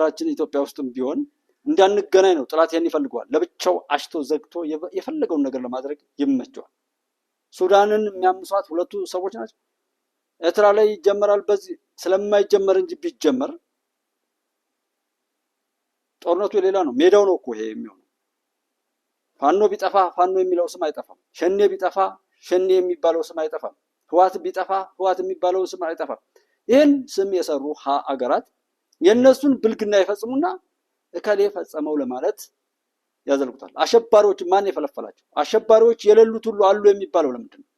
ሀገራችን ኢትዮጵያ ውስጥም ቢሆን እንዳንገናኝ ነው። ጥላት ያን ይፈልገዋል። ለብቻው አሽቶ ዘግቶ የፈለገውን ነገር ለማድረግ ይመቸዋል። ሱዳንን የሚያምሷት ሁለቱ ሰዎች ናቸው። ኤርትራ ላይ ይጀመራል። በዚህ ስለማይጀመር እንጂ ቢጀመር ጦርነቱ የሌላ ነው። ሜዳው ነው እኮ ይሄ የሚሆነው። ፋኖ ቢጠፋ ፋኖ የሚለው ስም አይጠፋም። ሸኔ ቢጠፋ ሸኔ የሚባለው ስም አይጠፋም። ህዋት ቢጠፋ ህዋት የሚባለው ስም አይጠፋም። ይህን ስም የሰሩ ሀ አገራት የእነሱን ብልግና ይፈጽሙና እከሌ ፈጸመው ለማለት ያዘልቁታል። አሸባሪዎች ማን የፈለፈላቸው? አሸባሪዎች የሌሉት ሁሉ አሉ የሚባለው ለምንድን ነው?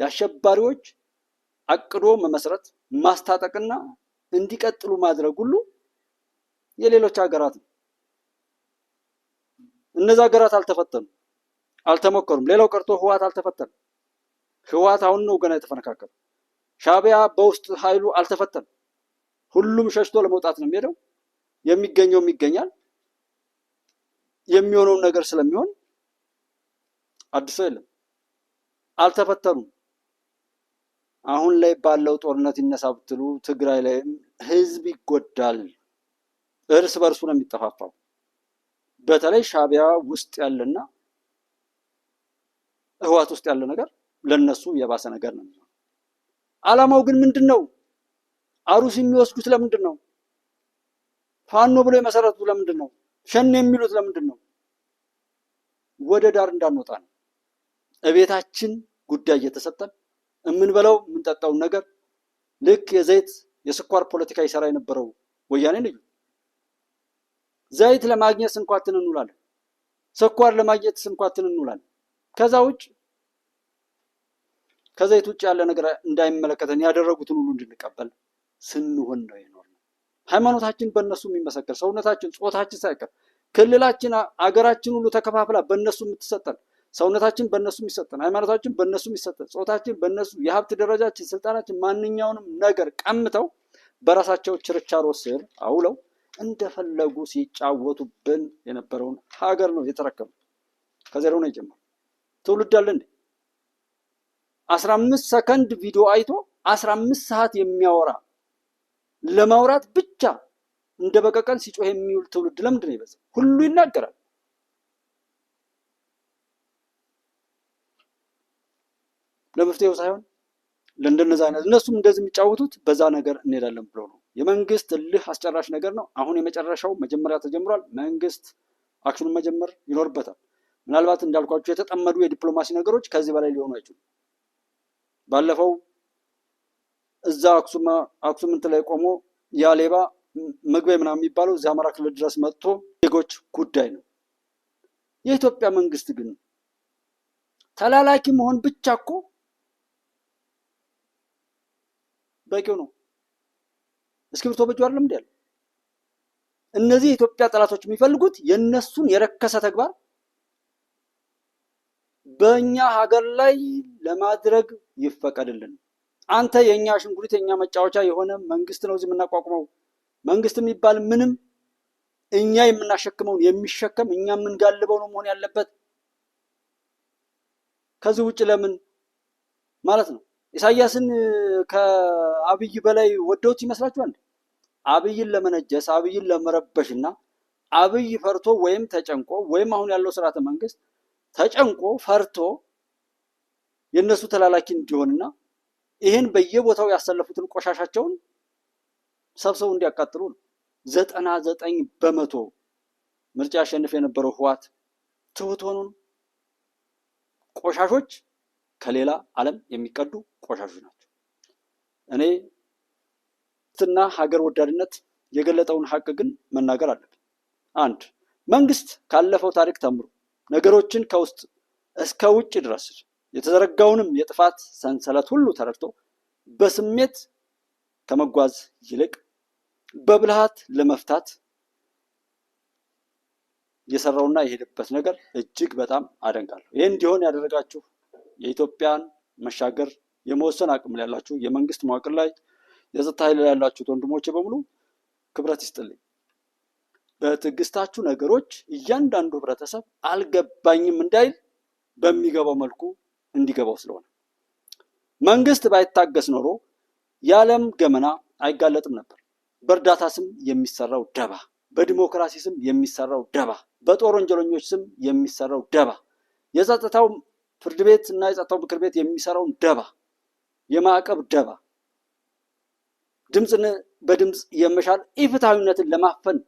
የአሸባሪዎች አቅዶ መመስረት ማስታጠቅና እንዲቀጥሉ ማድረግ ሁሉ የሌሎች ሀገራት ነው። እነዚህ ሀገራት አልተፈተኑም፣ አልተሞከሩም። ሌላው ቀርቶ ህዋት አልተፈተንም። ህዋት አሁን ነው ገና የተፈነካከሉ። ሻቢያ በውስጥ ኃይሉ አልተፈተንም። ሁሉም ሸሽቶ ለመውጣት ነው የሚሄደው። የሚገኘውም ይገኛል። የሚሆነውን ነገር ስለሚሆን አዲስ የለም። አልተፈተኑም። አሁን ላይ ባለው ጦርነት ይነሳ ብትሉ ትግራይ ላይም ህዝብ ይጎዳል። እርስ በእርሱ ነው የሚጠፋፋው። በተለይ ሻቢያ ውስጥ ያለና እህዋት ውስጥ ያለ ነገር ለነሱ የባሰ ነገር ነው። አላማው ግን ምንድን ነው? አሩስ የሚወስዱት ለምንድን ነው? ፋኖ ብሎ የመሰረቱት ለምንድን ነው? ሸኔ የሚሉት ለምንድን ነው? ወደ ዳር እንዳንወጣ ነው። እቤታችን ጉዳይ እየተሰጠን የምንበላው የምንጠጣውን ነገር ልክ የዘይት የስኳር ፖለቲካ ይሰራ የነበረው ወያኔ ልዩ ዘይት ለማግኘት ስንኳትን እንውላለን፣ ስኳር ለማግኘት ስንኳትን እንውላለን። ከዛ ውጭ ከዘይት ውጭ ያለ ነገር እንዳይመለከተን ያደረጉትን ሁሉ እንድንቀበል ስንሆን ነው የኖርነው። ሃይማኖታችን በእነሱ የሚመሰከር ሰውነታችን፣ ጾታችን ሳይቀር ክልላችን፣ አገራችን ሁሉ ተከፋፍላ በእነሱ የምትሰጠን ሰውነታችን በእነሱ የሚሰጠን ሃይማኖታችን በእነሱ የሚሰጠን ጾታችን በእነሱ የሀብት ደረጃችን፣ ስልጣናችን፣ ማንኛውንም ነገር ቀምተው በራሳቸው ችርቻሮ ስር አውለው እንደፈለጉ ሲጫወቱብን የነበረውን ሀገር ነው የተረከሙ። ከዜሮ ነው የጀመሩ። ትውልድ አለ እንዴ? አስራ አምስት ሰከንድ ቪዲዮ አይቶ አስራ አምስት ሰዓት የሚያወራ ለማውራት ብቻ እንደ በቀቀን ሲጮህ የሚውል ትውልድ ለምንድን ነው ይበዛል? ሁሉ ይናገራል። ለመፍትሄው ሳይሆን ለእንደነዚ አይነት እነሱም እንደዚህ የሚጫወቱት በዛ ነገር እንሄዳለን ብሎ ነው። የመንግስት እልህ አስጨራሽ ነገር ነው። አሁን የመጨረሻው መጀመሪያ ተጀምሯል። መንግስት አክሽኑን መጀመር ይኖርበታል። ምናልባት እንዳልኳቸው የተጠመዱ የዲፕሎማሲ ነገሮች ከዚህ በላይ ሊሆኑ አይችሉም። ባለፈው እዛ አክሱም እንትን ላይ ቆሞ ያ ሌባ ምግቤ ምናምን የሚባለው እዚህ አማራ ክልል ድረስ መጥቶ ዜጎች ጉዳይ ነው። የኢትዮጵያ መንግስት ግን ተላላኪ መሆን ብቻ እኮ በቂው ነው። እስክሪብቶ በእጁ አይደለም እንዲ ያለው እነዚህ የኢትዮጵያ ጠላቶች የሚፈልጉት የእነሱን የረከሰ ተግባር በእኛ ሀገር ላይ ለማድረግ ይፈቀድልን። አንተ የእኛ ሽንኩሪት የእኛ መጫወቻ የሆነ መንግስት ነው እዚህ የምናቋቁመው። መንግስት የሚባል ምንም እኛ የምናሸክመውን የሚሸከም እኛ የምንጋልበው ነው መሆን ያለበት። ከዚህ ውጭ ለምን ማለት ነው? ኢሳያስን ከአብይ በላይ ወደውት ይመስላችኋል? አብይን ለመነጀስ አብይን ለመረበሽ እና አብይ ፈርቶ ወይም ተጨንቆ ወይም አሁን ያለው ስርዓተ መንግስት ተጨንቆ ፈርቶ የእነሱ ተላላኪ እንዲሆንና ይህን በየቦታው ያሰለፉትን ቆሻሻቸውን ሰብሰው እንዲያቃጥሉ ነው። ዘጠና ዘጠኝ በመቶ ምርጫ ያሸንፍ የነበረው ህዋት ትሁት ሆኑን ቆሻሾች ከሌላ ዓለም የሚቀዱ ቆሻሾች ናቸው። እኔ ትና ሀገር ወዳድነት የገለጠውን ሀቅ ግን መናገር አለብኝ። አንድ መንግስት ካለፈው ታሪክ ተምሮ ነገሮችን ከውስጥ እስከ ውጭ ድረስ የተዘረጋውንም የጥፋት ሰንሰለት ሁሉ ተረድቶ በስሜት ከመጓዝ ይልቅ በብልሃት ለመፍታት የሰራውና የሄደበት ነገር እጅግ በጣም አደንቃለሁ። ይህ እንዲሆን ያደረጋችሁ የኢትዮጵያን መሻገር የመወሰን አቅም ላይ ያላችሁ የመንግስት መዋቅር ላይ የጸጥታ ኃይል ላይ ያላችሁት ወንድሞቼ በሙሉ ክብረት ይስጥልኝ። በትዕግስታችሁ ነገሮች እያንዳንዱ ህብረተሰብ አልገባኝም እንዳይል በሚገባው መልኩ እንዲገባው ስለሆነ መንግስት ባይታገስ ኖሮ የዓለም ገመና አይጋለጥም ነበር። በእርዳታ ስም የሚሰራው ደባ፣ በዲሞክራሲ ስም የሚሰራው ደባ፣ በጦር ወንጀለኞች ስም የሚሰራው ደባ፣ የጸጥታው ፍርድ ቤት እና የጸጥታው ምክር ቤት የሚሰራውን ደባ፣ የማዕቀብ ደባ፣ ድምፅን በድምፅ የመሻል ኢፍትሐዊነትን ለማፈን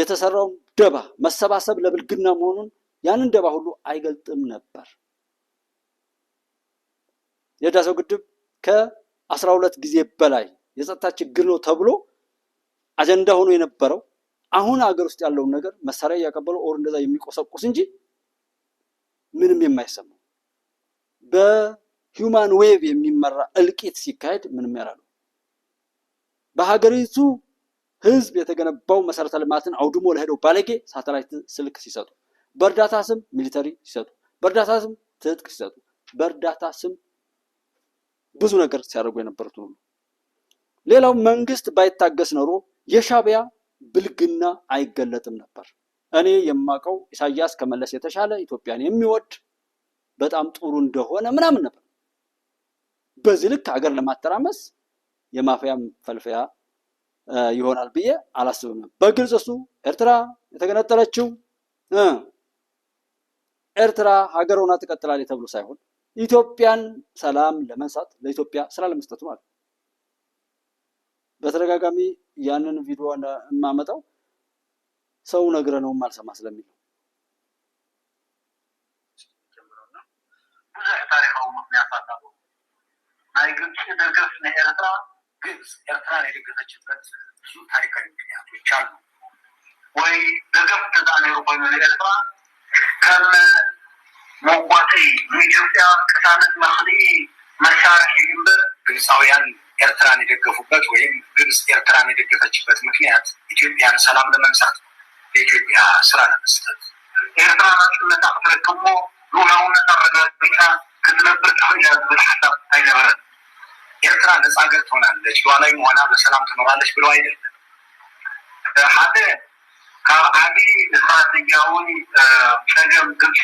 የተሰራውን ደባ፣ መሰባሰብ ለብልግና መሆኑን ያንን ደባ ሁሉ አይገልጥም ነበር። የህዳሴው ግድብ ከአስራ ሁለት ጊዜ በላይ የጸጥታ ችግር ነው ተብሎ አጀንዳ ሆኖ የነበረው አሁን ሀገር ውስጥ ያለውን ነገር መሳሪያ እያቀበለው ኦር እንደዛ የሚቆሰቁስ እንጂ ምንም የማይሰማው በሂውማን ዌቭ የሚመራ እልቂት ሲካሄድ ምንም ያላሉ በሀገሪቱ ህዝብ የተገነባው መሰረተ ልማትን አውድሞ ለሄደው ባለጌ ሳተላይት ስልክ ሲሰጡ፣ በእርዳታ ስም ሚሊተሪ ሲሰጡ፣ በእርዳታ ስም ትጥቅ ሲሰጡ፣ በእርዳታ ስም ብዙ ነገር ሲያደርጉ የነበሩት ሁሉ። ሌላው መንግስት ባይታገስ ኖሮ የሻቢያ ብልግና አይገለጥም ነበር። እኔ የማውቀው ኢሳያስ ከመለስ የተሻለ ኢትዮጵያን የሚወድ በጣም ጥሩ እንደሆነ ምናምን ነበር። በዚህ ልክ ሀገር ለማተራመስ የማፍያ ፈልፈያ ይሆናል ብዬ አላስብም። በግልጽ እሱ ኤርትራ የተገነጠለችው ኤርትራ ሀገር ሆና ትቀጥላለች ተብሎ ሳይሆን ኢትዮጵያን ሰላም ለመንሳት ለኢትዮጵያ ስራ ለመስጠት ነው በተደጋጋሚ ያንን ቪዲዮ የማመጣው ሰው ነግረ ነው ማልሰማ ስለሚል ታሪካዊ ምክንያቶች አሉ ወይ ደገፍ ተዛኔሩ ኮይኑ ንኤርትራ ከም ሞጎቴ የኢትዮጵያ ቅሳነት መክሊ መሳርሒ ግንበር ግብፃውያን ኤርትራን የደገፉበት ወይም ግብፅ ኤርትራን የደገፈችበት ምክንያት ኢትዮጵያን ሰላም ለመንሳት ለኢትዮጵያ ስራ ለመስጠት ኤርትራ ናጽነት ክትረክቦ ልኡላውነት አረጋጊታ ክትነብር ትኽእል ዝብል ሓሳብ ኣይነበረን። ኤርትራ ነፃ ሀገር ትሆናለች ሉዓላዊ መሆና በሰላም ትኖራለች ብለው አይደለም። ሓደ ካብ ዓብዪ ስትራቴጂያዊ ፀገም ግብፂ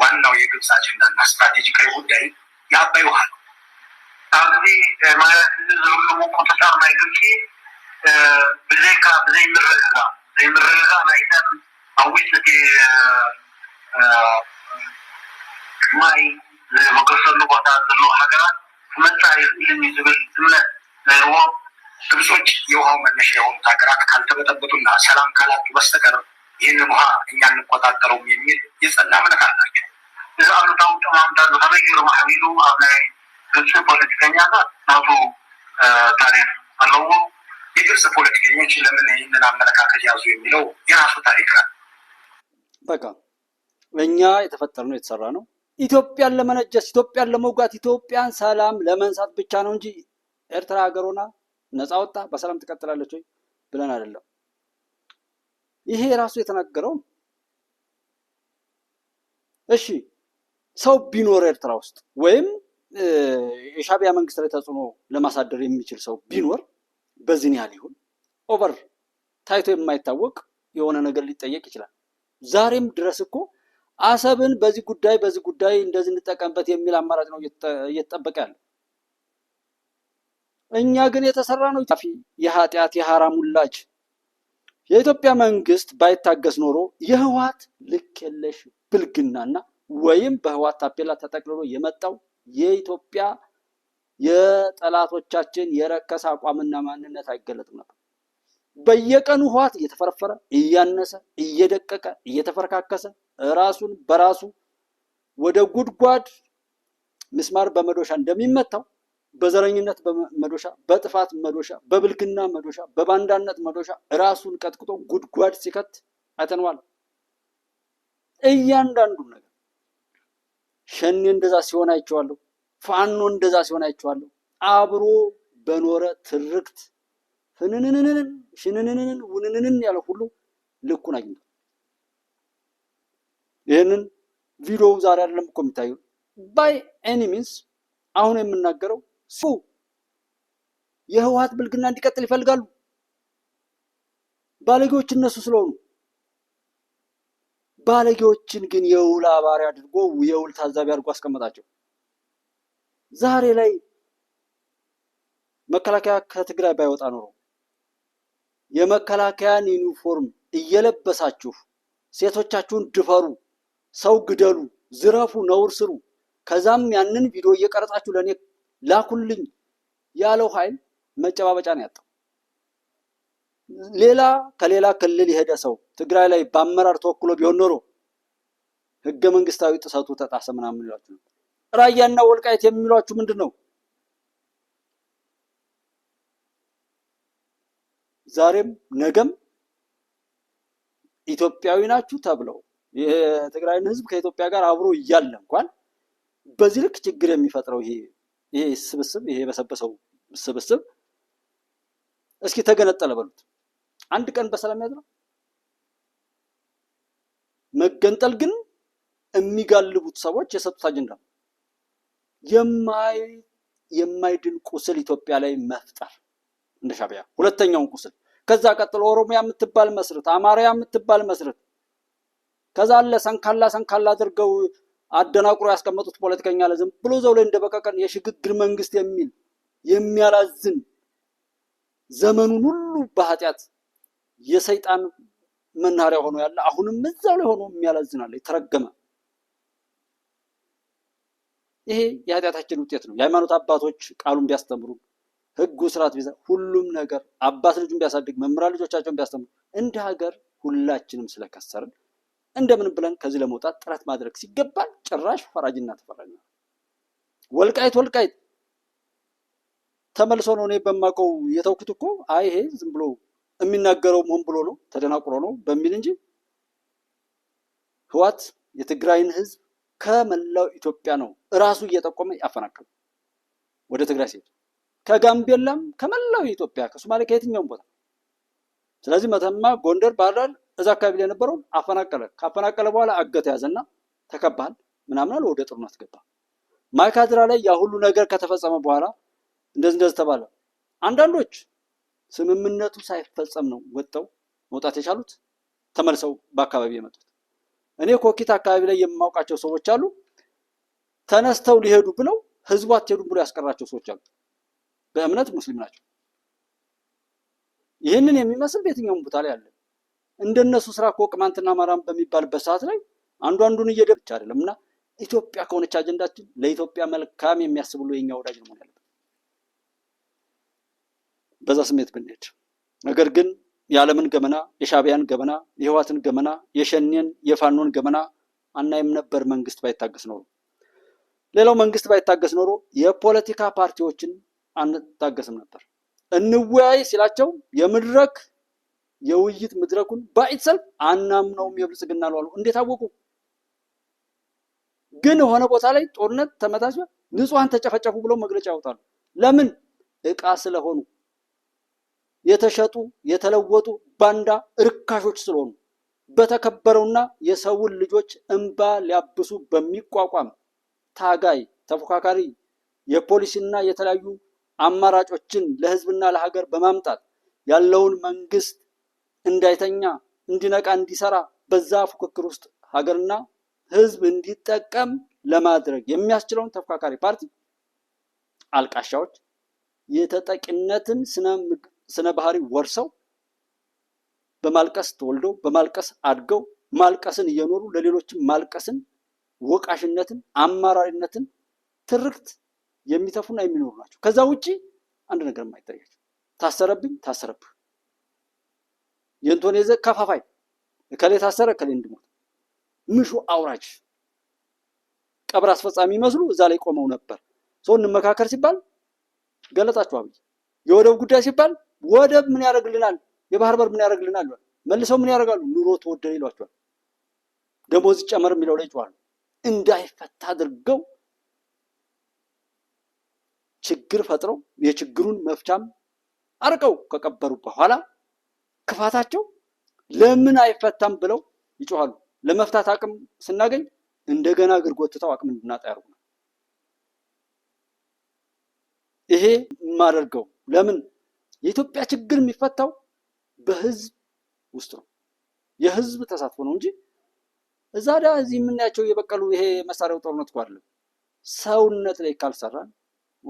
ዋናው የግብፅ አጀንዳና ስትራቴጂካዊ ጉዳይ የአባይ ውሃ ነው። ኣብዚ ማለት ናይ ግብፂ ብዘይካ ናይተን ኣብ ውሽጢ ማይ ቦታ ዘለዎ ሃገራት የክእልን እዩ ዝብል እምነት ግብፆች የውሃው መነሻ የሆኑት ሃገራት ካልተበጠበጡና ሰላም ካላቱ በስተቀር ይህን ውሃ እኛ እንቆጣጠረውም የሚል የጸና እምነት አላቸው። እዚ አሉታው ጠማምታሉ ተመየሩ ማሚሉ ኣብ ናይ ግብፂ ፖለቲከኛታት ናቱ ታሪክ ኣለዎ። የግብፅ ፖለቲከኞች ለምን ይህንን አመለካከት ያዙ የሚለው የራሱ ታሪክ ነው። በቃ እኛ የተፈጠር ነው የተሰራ ነው። ኢትዮጵያን ለመነጀስ፣ ኢትዮጵያን ለመውጋት፣ ኢትዮጵያን ሰላም ለመንሳት ብቻ ነው እንጂ ኤርትራ ሀገር ሆና ነፃ ወጣ በሰላም ትቀጥላለች ወይ ብለን አይደለም። ይሄ ራሱ የተናገረው እሺ ሰው ቢኖር ኤርትራ ውስጥ ወይም የሻቢያ መንግስት ላይ ተጽዕኖ ለማሳደር የሚችል ሰው ቢኖር በዚህን ያህል ይሁን ኦቨር ታይቶ የማይታወቅ የሆነ ነገር ሊጠየቅ ይችላል። ዛሬም ድረስ እኮ አሰብን በዚህ ጉዳይ በዚህ ጉዳይ እንደዚህ እንጠቀምበት የሚል አማራጭ ነው እየተጠበቀ ያለ። እኛ ግን የተሰራ ነው ፊ የኃጢአት የሐራም የኢትዮጵያ መንግስት ባይታገስ ኖሮ የህወሓት ልክ የለሽ ብልግናና ወይም በህወሓት ታፔላ ተጠቅልሎ የመጣው የኢትዮጵያ የጠላቶቻችን የረከሰ አቋምና ማንነት አይገለጥም ነበር። በየቀኑ ህወሓት እየተፈረፈረ እያነሰ እየደቀቀ እየተፈረካከሰ ራሱን በራሱ ወደ ጉድጓድ ምስማር በመዶሻ እንደሚመታው በዘረኝነት መዶሻ፣ በጥፋት መዶሻ፣ በብልግና መዶሻ፣ በባንዳነት መዶሻ ራሱን ቀጥቅጦ ጉድጓድ ሲከት አይተነዋል። እያንዳንዱ ነገር ሸኔ እንደዛ ሲሆን አይቼዋለሁ። ፋኖ እንደዛ ሲሆን አይቼዋለሁ። አብሮ በኖረ ትርክት ፍንንንንን ሽንንንን ውንንንን ያለ ሁሉ ልኩን አግኝቷል። ይህንን ቪዲዮው ዛሬ አይደለም እኮ የሚታየው ባይ ኤኒ ሚንስ አሁን የምናገረው ሱ የህወሀት ብልግና እንዲቀጥል ይፈልጋሉ። ባለጌዎች እነሱ ስለሆኑ ባለጌዎችን ግን የውል አባሪ አድርጎ የውል ታዛቢ አድርጎ አስቀመጣቸው። ዛሬ ላይ መከላከያ ከትግራይ ባይወጣ ኖሮ የመከላከያን ዩኒፎርም እየለበሳችሁ ሴቶቻችሁን ድፈሩ፣ ሰው ግደሉ፣ ዝረፉ፣ ነውር ስሩ፣ ከዛም ያንን ቪዲዮ እየቀረጻችሁ ለእኔ ላኩልኝ ያለው ኃይል መጨባበጫ ነው ያጣው። ሌላ ከሌላ ክልል የሄደ ሰው ትግራይ ላይ በአመራር ተወክሎ ቢሆን ኖሮ ህገ መንግስታዊ ጥሰቱ ተጣሰ ምናምን ይሏችሁ ነው። ራያና ወልቃየት የሚሏችሁ ምንድን ነው? ዛሬም ነገም ኢትዮጵያዊ ናችሁ ተብለው የትግራይን ህዝብ ከኢትዮጵያ ጋር አብሮ እያለ እንኳን በዚህ ልክ ችግር የሚፈጥረው ይሄ ይሄ ስብስብ ይሄ የበሰበሰው ስብስብ እስኪ ተገነጠለ በሉት አንድ ቀን በሰላም ያድራል። መገንጠል ግን የሚጋልቡት ሰዎች የሰጡት አጀንዳ የማይ የማይድን ቁስል ኢትዮጵያ ላይ መፍጠር እንደ ሻቢያ ሁለተኛውን ቁስል ከዛ ቀጥሎ ኦሮሚያ የምትባል መስረት፣ አማሪያ የምትባል መስረት ከዛ አለ ሰንካላ ሰንካላ አድርገው አደናቁሮ ያስቀመጡት ፖለቲከኛ ለዝም ብሎ ዘው ላይ እንደበቀቀን የሽግግር መንግስት የሚል የሚያላዝን ዘመኑን ሁሉ በኃጢአት የሰይጣን መናኸሪያ ሆኖ ያለ አሁንም እዛው ላይ ሆኖ አለ፣ የተረገመ። ይሄ የኃጢአታችን ውጤት ነው። የሃይማኖት አባቶች ቃሉን ቢያስተምሩ፣ ህጉ ስርዓት ቢዛ፣ ሁሉም ነገር አባት ልጁን ቢያሳድግ፣ መምህራን ልጆቻቸውን ቢያስተምሩ እንደ ሀገር ሁላችንም ስለከሰርን እንደምን ብለን ከዚህ ለመውጣት ጥረት ማድረግ ሲገባል ጭራሽ ፈራጅና ተፈራጅ ወልቃይት ወልቃይት ተመልሶ ነው እኔ በማውቀው የተውኩት እኮ አይ ይሄ ዝም ብሎ የሚናገረው ሆን ብሎ ነው ተደናቁሮ ነው በሚል እንጂ ህዋት የትግራይን ህዝብ ከመላው ኢትዮጵያ ነው እራሱ እየጠቆመ ያፈናቀሉ ወደ ትግራይ ሲሄድ ከጋምቤላም ከመላው ኢትዮጵያ ከሶማሌ ከየትኛውም ቦታ ስለዚህ መተማ፣ ጎንደር፣ ባህርዳር እዛ አካባቢ ላይ የነበረውን አፈናቀለ። ካፈናቀለ በኋላ አገተ ያዘና ተከባል ምናምናል ወደ ጦርነት ገባ። ማይካድራ ላይ ያ ሁሉ ነገር ከተፈጸመ በኋላ እንደዚህ እንደዚህ ተባለ። አንዳንዶች ስምምነቱ ሳይፈጸም ነው ወጥተው መውጣት የቻሉት ተመልሰው በአካባቢ የመጡት። እኔ ኮኪት አካባቢ ላይ የማውቃቸው ሰዎች አሉ። ተነስተው ሊሄዱ ብለው ህዝቡ አትሄዱም ብሎ ያስቀራቸው ሰዎች አሉ። በእምነት ሙስሊም ናቸው። ይህንን የሚመስል በየትኛውም ቦታ ላይ አለ። እንደነሱ ስራ እኮ ቅማንትና አማራም በሚባልበት ሰዓት ላይ አንዱ አንዱን እየደብች አይደለም እና ኢትዮጵያ ከሆነች አጀንዳችን ለኢትዮጵያ መልካም የሚያስብሉ የኛ ወዳጅ ነው ያለ በዛ ስሜት ብንሄድ። ነገር ግን የዓለምን ገመና፣ የሻቢያን ገመና፣ የህዋትን ገመና፣ የሸኔን የፋኖን ገመና አናይም ነበር መንግስት ባይታገስ ኖሮ። ሌላው መንግስት ባይታገስ ኖሮ የፖለቲካ ፓርቲዎችን አንታገስም ነበር። እንወያይ ሲላቸው የመድረክ የውይይት መድረኩን ባይትሰልፍ አናምነውም የብልጽግና ለዋሉ እንዴት አወቁ? ግን የሆነ ቦታ ላይ ጦርነት ተመታች፣ ንጹሐን ተጨፈጨፉ ብለው መግለጫ ያወጣሉ። ለምን? እቃ ስለሆኑ የተሸጡ የተለወጡ ባንዳ እርካሾች ስለሆኑ በተከበረውና የሰውን ልጆች እንባ ሊያብሱ በሚቋቋም ታጋይ ተፎካካሪ የፖሊሲና የተለያዩ አማራጮችን ለህዝብና ለሀገር በማምጣት ያለውን መንግስት እንዳይተኛ፣ እንዲነቃ፣ እንዲሰራ በዛ ፉክክር ውስጥ ሀገርና ህዝብ እንዲጠቀም ለማድረግ የሚያስችለውን ተፎካካሪ ፓርቲ አልቃሻዎች የተጠቂነትን ስነ ባህሪ ወርሰው በማልቀስ ተወልደው በማልቀስ አድገው ማልቀስን እየኖሩ ለሌሎችም ማልቀስን፣ ወቃሽነትን፣ አማራሪነትን ትርክት የሚተፉና የሚኖሩ ናቸው። ከዛ ውጭ አንድ ነገር የማይታያቸው ታሰረብኝ ታሰረብህ የእንቶን የዘ ከፋፋይ እከሌ ታሰረ እከሌ እንድሞት ምሹ አውራጅ ቀብር አስፈጻሚ ይመስሉ እዛ ላይ ቆመው ነበር። ሰው እንመካከር ሲባል ገለጣችሁ አብይ። የወደብ ጉዳይ ሲባል ወደብ ምን ያደርግልናል፣ የባህር በር ምን ያደርግልናል መልሰው ምን ያደርጋሉ? ኑሮ ተወደደ ይሏቸዋል። ደሞዝ ጨመር የሚለው ላይ ጨዋል እንዳይፈታ አድርገው ችግር ፈጥረው የችግሩን መፍቻም አርቀው ከቀበሩ በኋላ ክፋታቸው ለምን አይፈታም ብለው ይጮሃሉ። ለመፍታት አቅም ስናገኝ እንደገና እግር ጎትተው አቅም እንድናጣ ያደርጉ። ይሄ የማደርገው ለምን የኢትዮጵያ ችግር የሚፈታው በህዝብ ውስጥ ነው። የህዝብ ተሳትፎ ነው እንጂ እዛ ዳ እዚህ የምናያቸው የበቀሉ ይሄ መሳሪያው ጦርነት እኮ አይደለም። ሰውነት ላይ ካልሰራን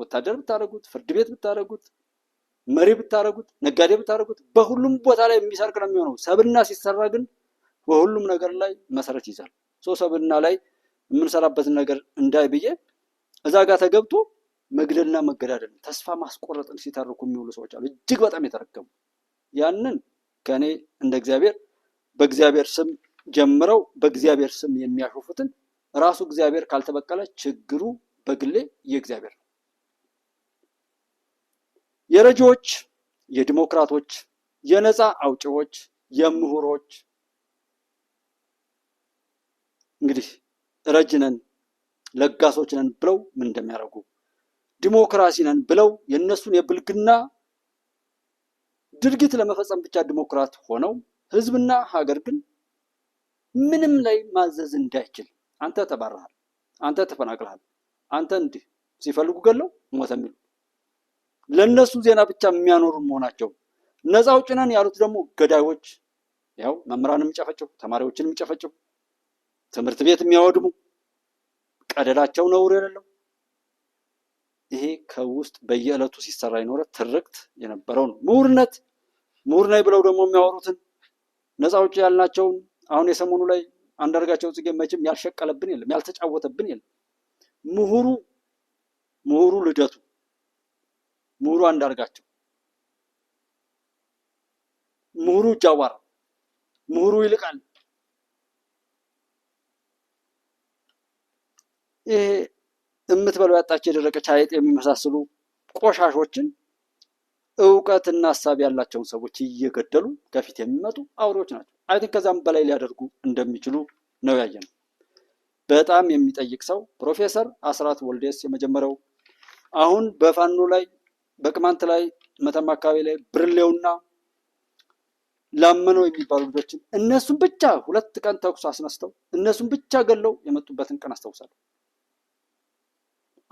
ወታደር ብታደርጉት፣ ፍርድ ቤት ብታደርጉት፣ መሪ ብታደረጉት፣ ነጋዴ ብታደረጉት በሁሉም ቦታ ላይ የሚሰርቅ ነው የሚሆነው። ሰብና ሲሰራ ግን በሁሉም ነገር ላይ መሰረት ይዛል። ሰው ሰብና ላይ የምንሰራበትን ነገር እንዳይ ብዬ እዛ ጋር ተገብቶ መግደልና መገዳደል ተስፋ ማስቆረጥን ሲተርኩ የሚውሉ ሰዎች አሉ፣ እጅግ በጣም የተረገሙ። ያንን ከእኔ እንደ እግዚአብሔር በእግዚአብሔር ስም ጀምረው በእግዚአብሔር ስም የሚያሾፉትን ራሱ እግዚአብሔር ካልተበቀለ ችግሩ በግሌ የእግዚአብሔር የረጂዎች፣ የዲሞክራቶች፣ የነፃ አውጪዎች፣ የምሁሮች እንግዲህ ረጅነን ለጋሶችነን ለጋሶች ነን ብለው ምን እንደሚያደርጉ ዲሞክራሲ ነን ብለው የእነሱን የብልግና ድርጊት ለመፈጸም ብቻ ዲሞክራት ሆነው ህዝብና ሀገር ግን ምንም ላይ ማዘዝ እንዳይችል አንተ ተባረሃል፣ አንተ ተፈናቅልሃል፣ አንተ እንዲህ ሲፈልጉ ገለው ሞተ የሚሉ ለነሱ ዜና ብቻ የሚያኖሩ መሆናቸው ነፃ አውጪ ነን ያሉት ደግሞ ገዳዮች፣ ያው መምህራን የሚጨፈጭፉ ተማሪዎችን የሚጨፈጭፉ ትምህርት ቤት የሚያወድሙ ቀደላቸው ነውር የሌለው ይሄ ከውስጥ በየዕለቱ ሲሰራ የኖረ ትርክት የነበረው ነው። ምሁርነት ምሁር ነኝ ብለው ደግሞ የሚያወሩትን ነፃ አውጪ ያልናቸውን አሁን የሰሞኑ ላይ አንዳርጋቸው ጽጌ መቼም ያልሸቀለብን የለም፣ ያልተጫወተብን የለም። ምሁሩ ምሁሩ ልደቱ ምሁሩ አንዳርጋቸው፣ ምሁሩ ጃዋር፣ ምሁሩ ይልቃል ይሄ የምትበለው ያጣች የደረቀች አይጥ የሚመሳስሉ ቆሻሾችን እውቀትና ሀሳብ ያላቸውን ሰዎች እየገደሉ ከፊት የሚመጡ አውሬዎች ናቸው። አይትን ከዛም በላይ ሊያደርጉ እንደሚችሉ ነው ያየነው። በጣም የሚጠይቅ ሰው ፕሮፌሰር አስራት ወልዴስ የመጀመሪያው አሁን በፋኖ ላይ በቅማንት ላይ መተማ አካባቢ ላይ ብርሌውና ላመነው የሚባሉ ልጆችን እነሱን ብቻ ሁለት ቀን ተኩስ አስነስተው እነሱን ብቻ ገለው የመጡበትን ቀን አስታውሳለሁ።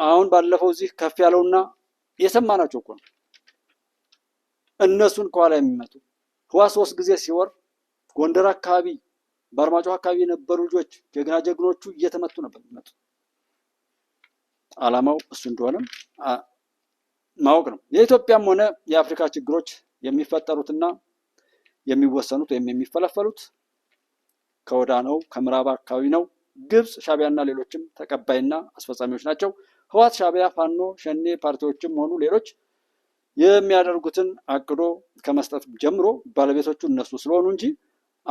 አሁን ባለፈው እዚህ ከፍ ያለውና ናቸው እኮ ነው። እነሱን ከኋላ የሚመጡ ህዋ ሶስት ጊዜ ሲወር ጎንደር አካባቢ በአርማጮ አካባቢ የነበሩ ልጆች ጀግና ጀግኖቹ እየተመቱ ነበር የሚመጡ። አላማው እሱ እንደሆነም ማወቅ ነው። የኢትዮጵያም ሆነ የአፍሪካ ችግሮች የሚፈጠሩትና የሚወሰኑት ወይም የሚፈለፈሉት ከወዳ ነው፣ ከምዕራብ አካባቢ ነው። ግብፅ፣ ሻቢያና ሌሎችም ተቀባይና አስፈጻሚዎች ናቸው። ህዋት፣ ሻቢያ፣ ፋኖ፣ ሸኔ ፓርቲዎችም ሆኑ ሌሎች የሚያደርጉትን አቅዶ ከመስጠት ጀምሮ ባለቤቶቹ እነሱ ስለሆኑ እንጂ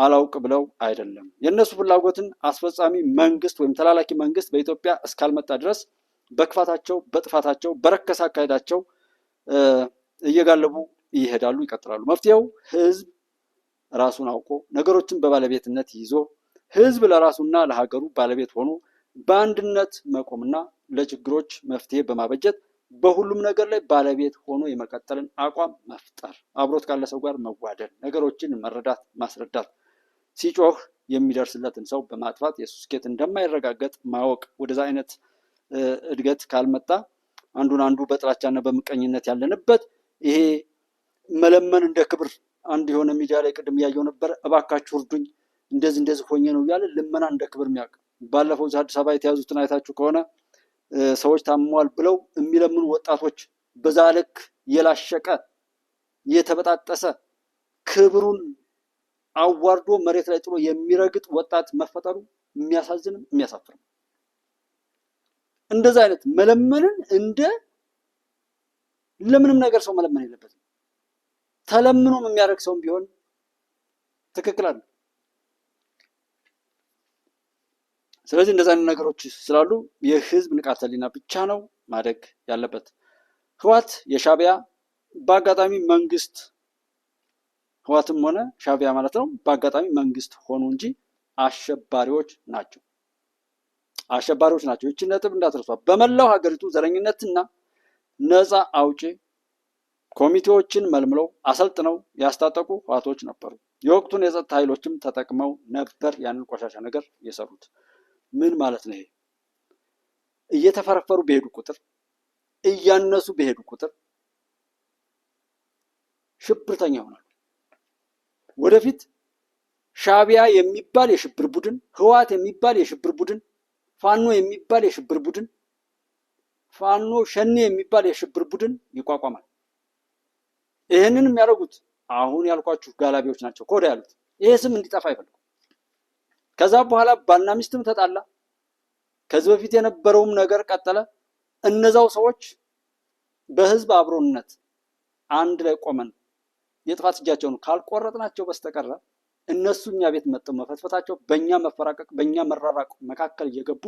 አላውቅ ብለው አይደለም። የእነሱ ፍላጎትን አስፈጻሚ መንግስት ወይም ተላላኪ መንግስት በኢትዮጵያ እስካልመጣ ድረስ በክፋታቸው፣ በጥፋታቸው፣ በረከሰ አካሄዳቸው እየጋለቡ ይሄዳሉ፣ ይቀጥላሉ። መፍትሄው ህዝብ ራሱን አውቆ ነገሮችን በባለቤትነት ይዞ ህዝብ ለራሱና ለሀገሩ ባለቤት ሆኖ በአንድነት መቆምና ለችግሮች መፍትሄ በማበጀት በሁሉም ነገር ላይ ባለቤት ሆኖ የመቀጠልን አቋም መፍጠር፣ አብሮት ካለ ሰው ጋር መዋደድ፣ ነገሮችን መረዳት፣ ማስረዳት፣ ሲጮህ የሚደርስለትን ሰው በማጥፋት የእሱ ስኬት እንደማይረጋገጥ ማወቅ ወደዛ አይነት እድገት ካልመጣ አንዱን አንዱ በጥላቻና በምቀኝነት ያለንበት ይሄ መለመን እንደ ክብር አንድ የሆነ ሚዲያ ላይ ቅድም እያየው ነበር። እባካችሁ እርዱኝ እንደዚህ እንደዚህ ሆኜ ነው እያለ ልመና እንደ ክብር የሚያውቅ ባለፈው አዲስ አበባ የተያዙትን አይታችሁ ከሆነ ሰዎች ታመዋል ብለው የሚለምኑ ወጣቶች በዛ ልክ የላሸቀ የተበጣጠሰ ክብሩን አዋርዶ መሬት ላይ ጥሎ የሚረግጥ ወጣት መፈጠሩ የሚያሳዝንም የሚያሳፍርም እንደዛ አይነት መለመንን እንደ ለምንም ነገር ሰው መለመን የለበትም። ተለምኖም የሚያደርግ ሰውም ቢሆን ትክክል አለ። ስለዚህ እንደዚ አይነት ነገሮች ስላሉ የህዝብ ንቃተ ህሊና ብቻ ነው ማደግ ያለበት። ህዋት የሻቢያ በአጋጣሚ መንግስት ህዋትም ሆነ ሻቢያ ማለት ነው በአጋጣሚ መንግስት ሆኑ እንጂ አሸባሪዎች ናቸው። አሸባሪዎች ናቸው። ይችን ነጥብ እንዳትረሷ። በመላው ሀገሪቱ ዘረኝነትና ነፃ አውጪ ኮሚቴዎችን መልምለው አሰልጥነው ያስታጠቁ ህዋቶች ነበሩ። የወቅቱን የጸጥታ ኃይሎችም ተጠቅመው ነበር ያንን ቆሻሻ ነገር የሰሩት። ምን ማለት ነው? ይሄ እየተፈረፈሩ በሄዱ ቁጥር እያነሱ በሄዱ ቁጥር ሽብርተኛ ይሆናሉ። ወደፊት ሻቢያ የሚባል የሽብር ቡድን፣ ህዋት የሚባል የሽብር ቡድን ፋኖ የሚባል የሽብር ቡድን ፋኖ ሸኔ የሚባል የሽብር ቡድን ይቋቋማል። ይህንን የሚያደርጉት አሁን ያልኳችሁ ጋላቢዎች ናቸው። ኮዳ ያሉት ይሄ ስም እንዲጠፋ አይፈልጉ። ከዛ በኋላ ባልና ሚስትም ተጣላ፣ ከዚህ በፊት የነበረውም ነገር ቀጠለ። እነዛው ሰዎች በህዝብ አብሮነት አንድ ላይ ቆመን የጥፋት እጃቸውን ካልቆረጥናቸው በስተቀረ እነሱ እኛ ቤት መጥተው መፈትፈታቸው፣ በእኛ መፈራቀቅ፣ በእኛ መራራቅ መካከል እየገቡ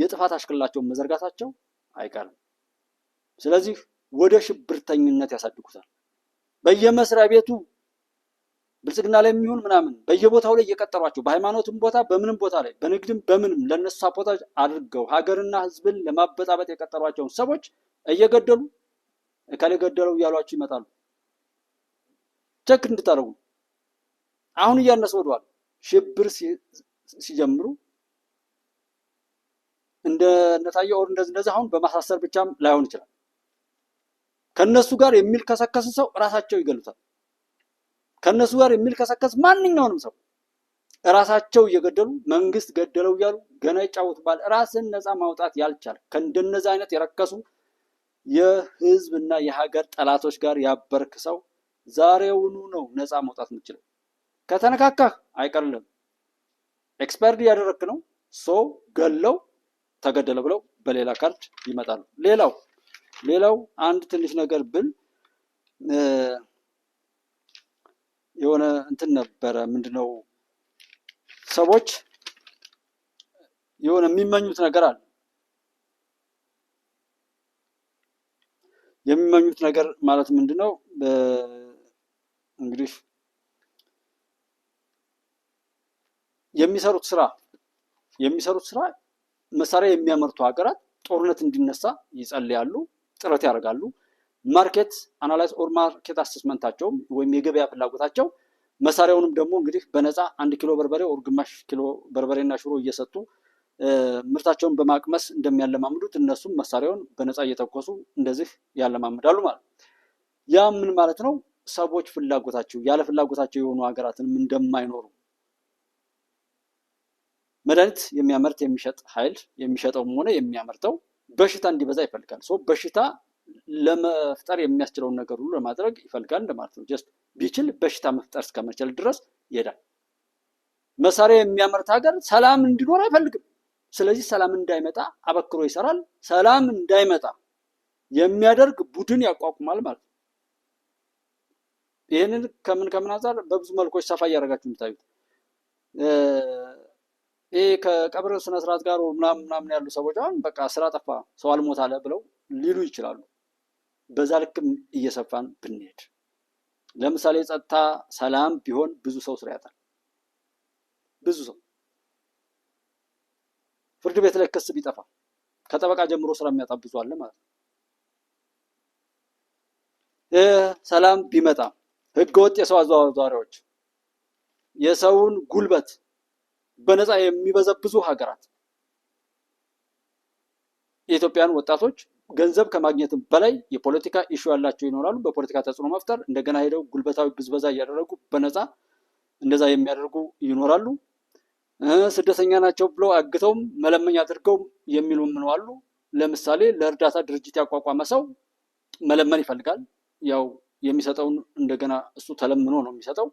የጥፋት አሽክላቸውን መዘርጋታቸው አይቀርም። ስለዚህ ወደ ሽብርተኝነት ያሳድጉታል። በየመስሪያ ቤቱ ብልጽግና ላይ የሚሆን ምናምን በየቦታው ላይ እየቀጠሯቸው በሃይማኖትም ቦታ በምንም ቦታ ላይ በንግድም በምንም ለነሱ ሳፖታጅ አድርገው ሀገርና ሕዝብን ለማበጣበጥ የቀጠሯቸውን ሰዎች እየገደሉ እከሌ ገደለው እያሏቸው ይመጣሉ። ቸክ እንድታደርጉ አሁን እያነሰ ወደዋል። ሽብር ሲጀምሩ እንደ ኦር እንደዚህ እንደዚህ አሁን በማሳሰር ብቻም ላይሆን ይችላል። ከነሱ ጋር የሚልከሰከስ ሰው እራሳቸው ይገሉታል። ከነሱ ጋር የሚልከሰከስ ማንኛውንም ሰው እራሳቸው እየገደሉ መንግስት ገደለው እያሉ ገና ይጫወቱባል። ራስን ነፃ ማውጣት ያልቻል ከእንደነዚህ አይነት የረከሱ የህዝብና የሀገር ጠላቶች ጋር ያበርክ ሰው ዛሬውኑ ነው ነፃ መውጣት የምችለው። ከተነካካህ አይቀርልም። ኤክስፐርድ እያደረክ ነው። ሶ ገለው ተገደለ ብለው በሌላ ካርድ ይመጣሉ። ሌላው ሌላው አንድ ትንሽ ነገር ብል የሆነ እንትን ነበረ። ምንድነው ሰዎች የሆነ የሚመኙት ነገር አለ። የሚመኙት ነገር ማለት ምንድነው እንግዲህ የሚሰሩት ስራ የሚሰሩት ስራ መሳሪያ የሚያመርቱ ሀገራት ጦርነት እንዲነሳ ይጸልያሉ፣ ጥረት ያደርጋሉ። ማርኬት አናላይዝ ኦር ማርኬት አሴስመንታቸውም ወይም የገበያ ፍላጎታቸው መሳሪያውንም ደግሞ እንግዲህ በነፃ አንድ ኪሎ በርበሬ ኦር ግማሽ ኪሎ በርበሬና ሽሮ እየሰጡ ምርታቸውን በማቅመስ እንደሚያለማምዱት እነሱም መሳሪያውን በነፃ እየተኮሱ እንደዚህ ያለማምዳሉ ማለት ያ ምን ማለት ነው? ሰዎች ፍላጎታቸው ያለ ፍላጎታቸው የሆኑ ሀገራትንም እንደማይኖሩ መድኃኒት የሚያመርት የሚሸጥ ኃይል የሚሸጠውም ሆነ የሚያመርተው በሽታ እንዲበዛ ይፈልጋል። በሽታ ለመፍጠር የሚያስችለውን ነገር ሁሉ ለማድረግ ይፈልጋል እንደማለት ነው። ጀስት ቢችል በሽታ መፍጠር እስከመቻል ድረስ ይሄዳል። መሳሪያ የሚያመርት ሀገር ሰላም እንዲኖር አይፈልግም። ስለዚህ ሰላም እንዳይመጣ አበክሮ ይሰራል። ሰላም እንዳይመጣ የሚያደርግ ቡድን ያቋቁማል ማለት ነው። ይህንን ከምን ከምን አንጻር በብዙ መልኮች ሰፋ እያደረጋችሁ የምታዩት ይህ ከቀብር ስነስርዓት ጋር ምናምን ምናምን ያሉ ሰዎች አሁን በቃ ስራ ጠፋ ሰው አልሞት አለ ብለው ሊሉ ይችላሉ። በዛ ልክም እየሰፋን ብንሄድ ለምሳሌ ጸጥታ ሰላም ቢሆን ብዙ ሰው ስራ ያጣል። ብዙ ሰው ፍርድ ቤት ላይ ክስ ቢጠፋ ከጠበቃ ጀምሮ ስራ የሚያጣ ብዙ አለ ማለት ነው። ሰላም ቢመጣ ህገወጥ የሰው አዘዋዋሪዎች የሰውን ጉልበት በነፃ የሚበዘብዙ ሀገራት የኢትዮጵያን ወጣቶች ገንዘብ ከማግኘትም በላይ የፖለቲካ ኢሹ ያላቸው ይኖራሉ። በፖለቲካ ተጽዕኖ መፍጠር እንደገና ሄደው ጉልበታዊ ብዝበዛ እያደረጉ በነፃ እንደዛ የሚያደርጉ ይኖራሉ። ስደተኛ ናቸው ብለው አግተውም መለመኝ አድርገው የሚሉ አሉ። ለምሳሌ ለእርዳታ ድርጅት ያቋቋመ ሰው መለመን ይፈልጋል። ያው የሚሰጠውን እንደገና እሱ ተለምኖ ነው የሚሰጠው።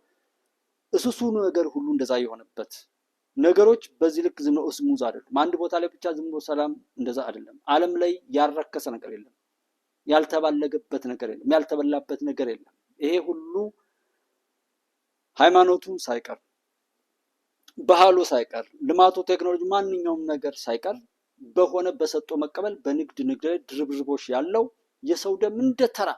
እሱ እሱ ነገር ሁሉ እንደዛ የሆነበት ነገሮች በዚህ ልክ ዝም ብሎ ስሙዝ አይደለም። አንድ ቦታ ላይ ብቻ ዝም ብሎ ሰላም እንደዛ አይደለም። ዓለም ላይ ያረከሰ ነገር የለም፣ ያልተባለገበት ነገር የለም፣ ያልተበላበት ነገር የለም። ይሄ ሁሉ ሃይማኖቱ ሳይቀር ባህሉ ሳይቀር ልማቱ፣ ቴክኖሎጂ፣ ማንኛውም ነገር ሳይቀር በሆነ በሰጦ መቀበል በንግድ ንግድ ላይ ድርብርቦች ያለው የሰው ደም እንደ ተራ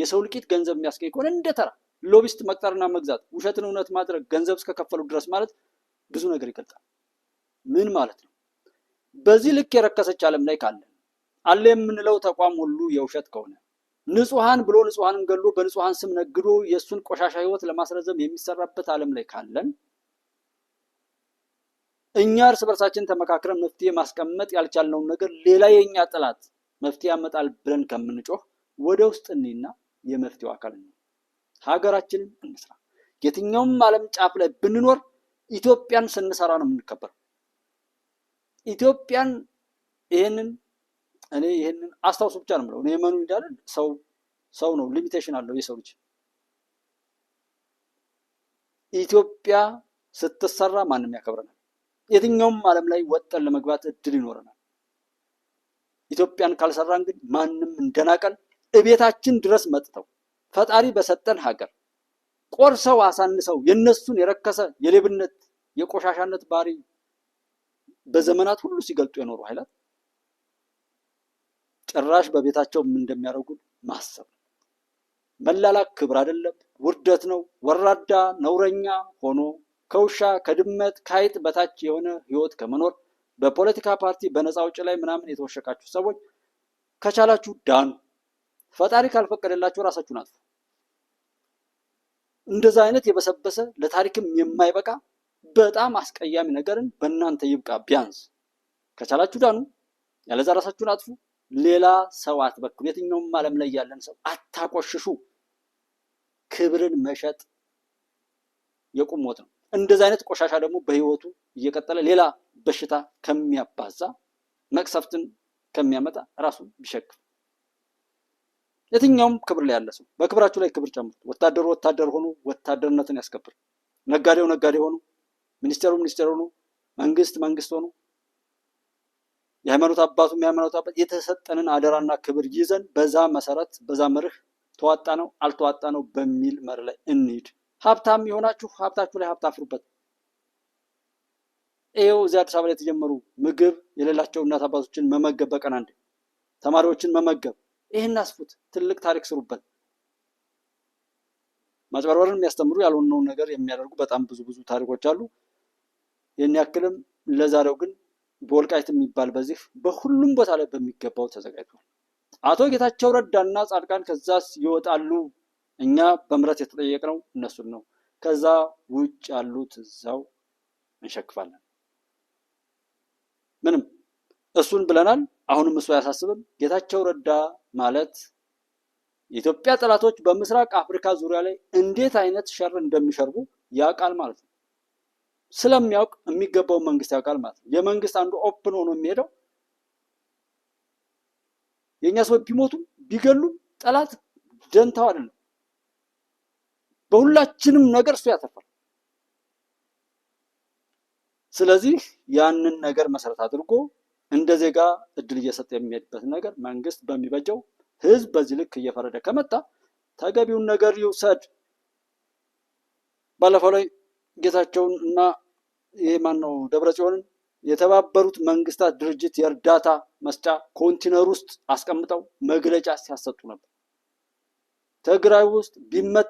የሰው ልቂት ገንዘብ የሚያስገኝ ከሆነ እንደ ተራ ሎቢስት መቅጠርና መግዛት፣ ውሸትን እውነት ማድረግ ገንዘብ እስከከፈሉ ድረስ ማለት ብዙ ነገር ይገልጣል። ምን ማለት ነው? በዚህ ልክ የረከሰች ዓለም ላይ ካለ አለ የምንለው ተቋም ሁሉ የውሸት ከሆነ ንጹሐን ብሎ ንጹሐንን ገሎ በንጹሐን ስም ነግዶ የእሱን ቆሻሻ ህይወት ለማስረዘም የሚሰራበት ዓለም ላይ ካለን እኛ እርስ በርሳችን ተመካክረን መፍትሄ ማስቀመጥ ያልቻልነውን ነገር ሌላ የእኛ ጠላት መፍትሄ ያመጣል ብለን ከምንጮህ ወደ ውስጥ እኔና የመፍትሄው አካል ነው። ሀገራችንን እንስራ። የትኛውም ዓለም ጫፍ ላይ ብንኖር ኢትዮጵያን ስንሰራ ነው የምንከበረው። ኢትዮጵያን ይህንን እኔ ይህንን አስታውሱ ብቻ ነው የምለው። እኔ መኑ እንዳለ ሰው ሰው ነው፣ ሊሚቴሽን አለው የሰው ልጅ። ኢትዮጵያ ስትሰራ ማንም ያከብረናል። የትኛውም ዓለም ላይ ወጠን ለመግባት እድል ይኖረናል። ኢትዮጵያን ካልሰራን ግን ማንም እንደናቀን እቤታችን ድረስ መጥተው ፈጣሪ በሰጠን ሀገር ቆርሰው አሳንሰው የነሱን የረከሰ የሌብነት የቆሻሻነት ባህሪ በዘመናት ሁሉ ሲገልጡ የኖሩ ኃይላት ጭራሽ በቤታቸው ምን እንደሚያደርጉ ማሰብ መላላክ ክብር አይደለም፣ ውርደት ነው። ወራዳ ነውረኛ ሆኖ ከውሻ ከድመት ከአይጥ በታች የሆነ ህይወት ከመኖር በፖለቲካ ፓርቲ በነፃ ውጭ ላይ ምናምን የተወሸቃችሁ ሰዎች ከቻላችሁ ዳኑ። ፈጣሪ ካልፈቀደላችሁ ራሳችሁን አጥፉ። እንደዛ አይነት የበሰበሰ ለታሪክም የማይበቃ በጣም አስቀያሚ ነገርን በእናንተ ይብቃ። ቢያንስ ከቻላችሁ ዳኑ፣ ያለዛ ራሳችሁን አጥፉ። ሌላ ሰው አትበክሉ። የትኛውም ዓለም ላይ ያለን ሰው አታቆሽሹ። ክብርን መሸጥ የቁም ሞት ነው። እንደዚህ አይነት ቆሻሻ ደግሞ በህይወቱ እየቀጠለ ሌላ በሽታ ከሚያባዛ መቅሰፍትን ከሚያመጣ ራሱ ቢሸክም የትኛውም ክብር ላይ ያለ ሰው በክብራችሁ ላይ ክብር ጨምሩት። ወታደሩ ወታደር ሆኖ ወታደርነትን ያስከብር። ነጋዴው ነጋዴ ሆኖ ሚኒስቴሩ ሚኒስቴር ሆኖ መንግስት መንግስት ሆኖ የሃይማኖት አባቱ የሃይማኖት አባት የተሰጠንን አደራና ክብር ይዘን በዛ መሰረት በዛ መርህ ተዋጣ ነው አልተዋጣ ነው በሚል መርህ ላይ እንሂድ። ሀብታም የሆናችሁ ሀብታችሁ ላይ ሀብት አፍሩበት። ይኸው እዚህ አዲስ አበባ ላይ የተጀመሩ ምግብ የሌላቸው እናት አባቶችን መመገብ፣ በቀን አንድ ተማሪዎችን መመገብ፣ ይህን አስፉት። ትልቅ ታሪክ ስሩበት። ማጭበርበርን የሚያስተምሩ ያልሆነውን ነገር የሚያደርጉ በጣም ብዙ ብዙ ታሪኮች አሉ። ይህን ያክልም ለዛሬው ግን በወልቃይት የሚባል በዚህ በሁሉም ቦታ ላይ በሚገባው ተዘጋጅቷል። አቶ ጌታቸው ረዳና ጻድቃን ከዛስ ይወጣሉ። እኛ በምረት የተጠየቅነው እነሱን ነው። ከዛ ውጭ ያሉት እዛው እንሸክፋለን። ምንም እሱን ብለናል። አሁንም እሱ አያሳስብም። ጌታቸው ረዳ ማለት የኢትዮጵያ ጠላቶች በምስራቅ አፍሪካ ዙሪያ ላይ እንዴት አይነት ሸር እንደሚሸርቡ ያውቃል ማለት ነው። ስለሚያውቅ የሚገባውን መንግስት ያውቃል ማለት ነው። የመንግስት አንዱ ኦፕን ሆኖ የሚሄደው የእኛ ሰዎች ቢሞቱም ቢገሉም ጠላት ደንታው አይደለም። በሁላችንም ነገር እሱ ያተርፋል። ስለዚህ ያንን ነገር መሰረት አድርጎ እንደ ዜጋ እድል እየሰጠ የሚሄድበት ነገር መንግስት በሚበጀው ህዝብ በዚህ ልክ እየፈረደ ከመጣ ተገቢውን ነገር ይውሰድ ባለፈው ላይ ጌታቸውን እና ይሄ ማን ነው ደብረ ጽዮንን የተባበሩት መንግስታት ድርጅት የእርዳታ መስጫ ኮንቲነር ውስጥ አስቀምጠው መግለጫ ሲያሰጡ ነበር። ትግራይ ውስጥ ቢመታ